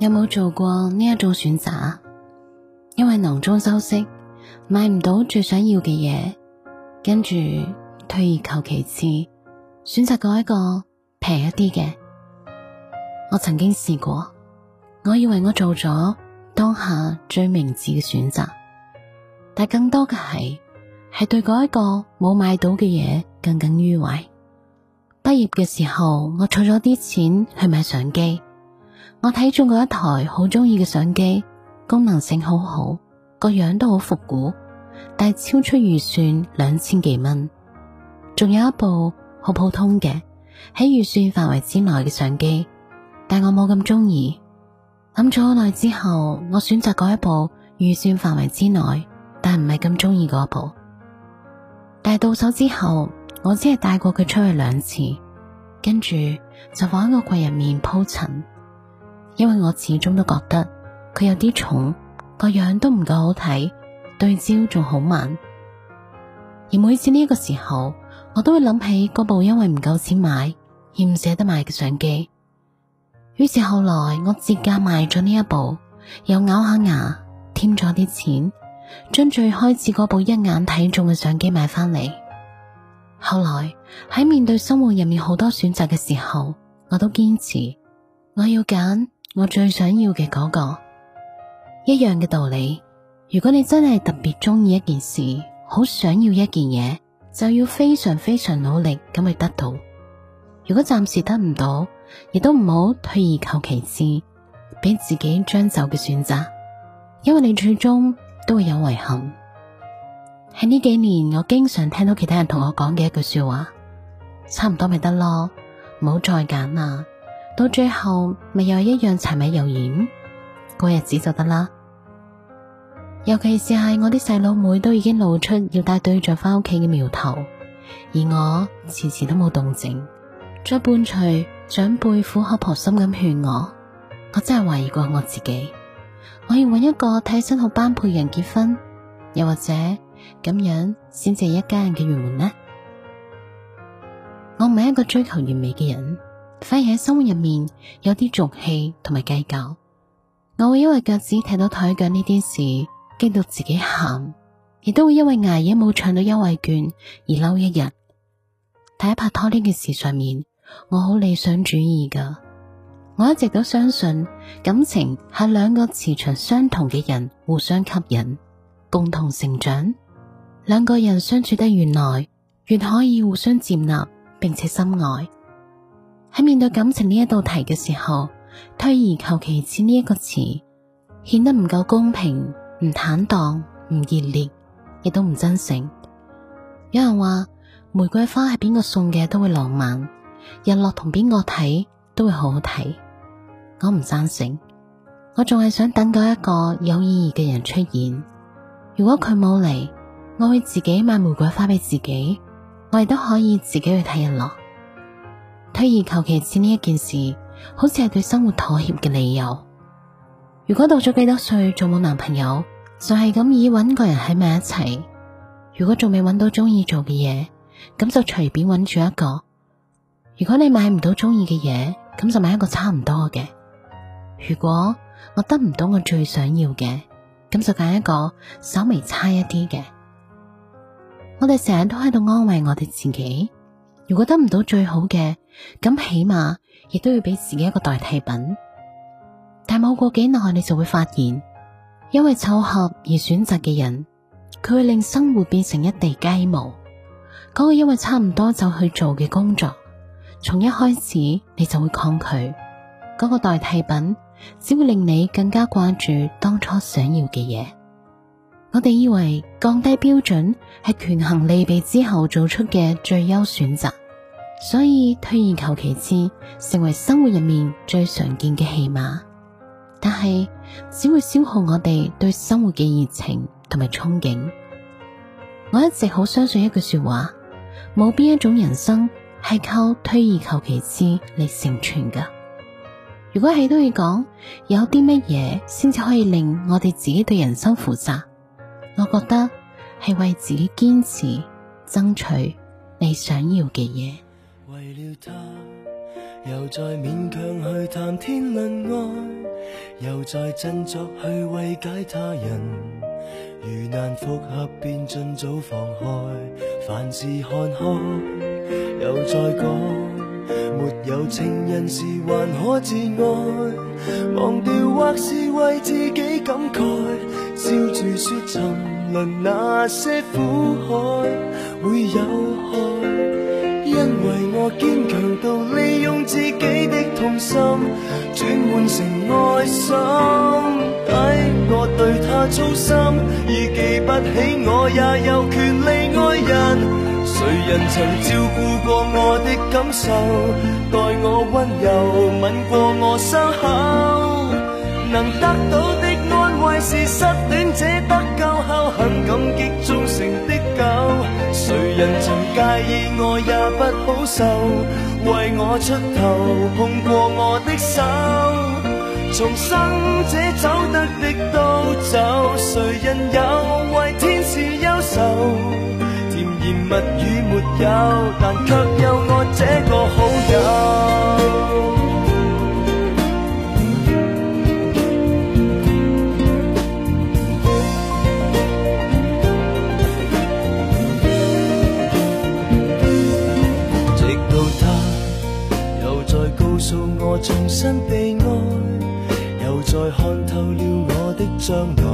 有冇做過呢一種選擇啊？因為囊中羞澀，買唔到最想要嘅嘢，跟住退而求其次，選擇嗰一個平一啲嘅。我曾經試過，我以為我做咗當下最明智嘅選擇，但更多嘅係係對嗰一個冇買到嘅嘢耿耿於懷。畢業嘅時候，我儲咗啲錢去買相機。我睇中過一台好中意嘅相機，功能性好好，個樣都好復古，但係超出預算兩千幾蚊。仲有一部好普通嘅，喺預算範圍之內嘅相機，但我冇咁中意。諗咗好耐之後，我選擇嗰一部預算範圍之內，但唔係咁中意嗰部。但係到手之後，我只係帶過佢出去兩次，跟住就放喺個櫃入面鋪塵。因為我始終都覺得佢有啲重，個樣都唔夠好睇，對焦仲好慢。而每次呢個時候，我都會諗起嗰部因為唔夠錢買而唔捨得買嘅相機。於是後來我折價賣咗呢一部，又咬下牙添咗啲錢，將最開始嗰部一眼睇中嘅相機買返嚟。後來喺面對生活入面好多選擇嘅時候，我都堅持我要揀。我最想要嘅嗰個，一樣嘅道理。如果你真係特別中意一件事，好想要一件嘢，就要非常非常努力咁去得到。如果暫時得唔到，亦都唔好退而求其次，俾自己將就嘅選擇，因為你最終都會有遺憾。喺呢幾年，我經常聽到其他人同我講嘅一句說話，差唔多咪得咯，唔好再揀啦。到最後咪又一樣柴米油鹽過日子就得啦。尤其是係我啲細佬妹都已經露出要帶對象翻屋企嘅苗頭，而我遲遲都冇動靜，再伴隨長輩苦口婆心咁勸我，我真係懷疑過我自己，我要搵一個睇身好般配人結婚，又或者咁樣先至一家人嘅圓滿呢？我唔係一個追求完美嘅人。反而喺生活入面有啲俗氣同埋計較，我會因為腳趾踢到台腳呢啲事激到自己喊，亦都會因為捱夜冇搶到優惠券而嬲一日。睇喺拍拖呢件事上面，我好理想主義噶，我一直都相信感情係兩個磁場相同嘅人互相吸引，共同成長。兩個人相處得越耐，越可以互相接納，並且深愛。喺面對感情呢一道題嘅時候，退而求其次呢一個詞顯得唔夠公平、唔坦蕩、唔熱烈，亦都唔真誠。有人話玫瑰花係邊個送嘅都會浪漫，日落同邊個睇都會好好睇。我唔贊成，我仲係想等到一個有意義嘅人出現。如果佢冇嚟，我會自己買玫瑰花俾自己，我亦都可以自己去睇日落。推而求其次呢一件事，好似係對生活妥協嘅理由。如果到咗幾多歲仲冇男朋友，就係咁以揾個人喺埋一齊。如果仲未揾到中意做嘅嘢，咁就隨便揾住一個。如果你買唔到中意嘅嘢，咁就買一個差唔多嘅。如果我得唔到我最想要嘅，咁就揀一個稍微差一啲嘅。我哋成日都喺度安慰我哋自己，如果得唔到最好嘅，咁起碼亦都要俾自己一個代替品，但冇過幾耐，你就會發現，因為湊合而選擇嘅人，佢會令生活變成一地雞毛。嗰個因為差唔多就去做嘅工作，從一開始你就會抗拒。嗰個代替品只會令你更加掛住當初想要嘅嘢。我哋以為降低標準係權衡利弊之後做出嘅最優選擇。所以退而求其次，成為生活入面最常見嘅戲碼，但係只會消耗我哋對生活嘅熱情同埋憧憬。我一直好相信一句說話，冇邊一種人生係靠退而求其次嚟成全噶。如果係都要講，有啲乜嘢先至可以令我哋自己對人生負責？我覺得係為自己堅持、爭取你想要嘅嘢。為了他，又再勉強去談天論愛，又再振作去慰解他人。如難復合，便盡早放開。凡事看開，又再講，沒有情人時還可自愛，忘掉或是為自己感慨，笑住說沉淪那些苦海會有害。因為我堅強到利用自己的痛心，轉換成愛心，睇我對他操心。已記不起我也有權利愛人，誰人曾照顧過我的感受，待我溫柔吻過我傷口，能得到的安慰是失戀者。得。很感激忠誠的狗，誰人曾介意我也不好受，為我出頭碰過我的手，重生者走得的都走，誰人有為天使憂愁，甜言蜜語沒有，但卻有我這個好友。將來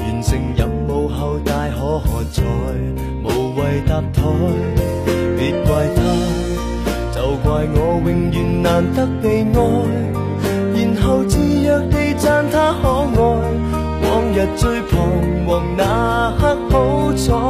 完成任務後大可喝彩，無謂搭台，別怪他，就怪我永遠難得被愛，然後自虐地讚他可愛，往日最彷徨那刻好彩。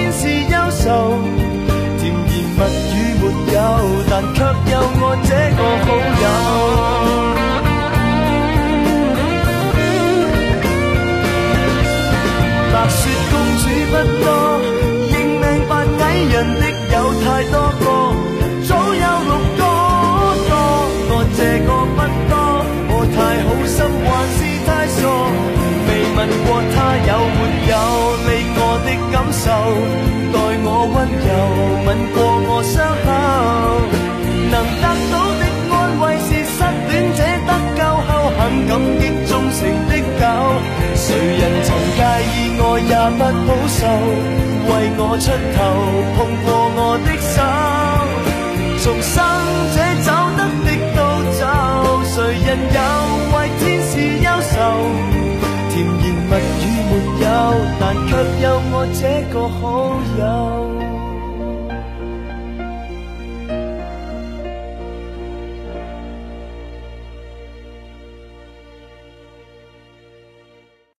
但卻有我這個好友。白雪公主不多，認命扮矮人的有太多個，早有六個多。我這個不多，我太好心還是太傻，未問過他有沒有理我的感受，待我温柔吻過我傷口。不保守，為我出頭，碰過我的手，重生者走得的都走，誰人有為天使憂愁？甜言蜜語沒有，但卻有我這個好。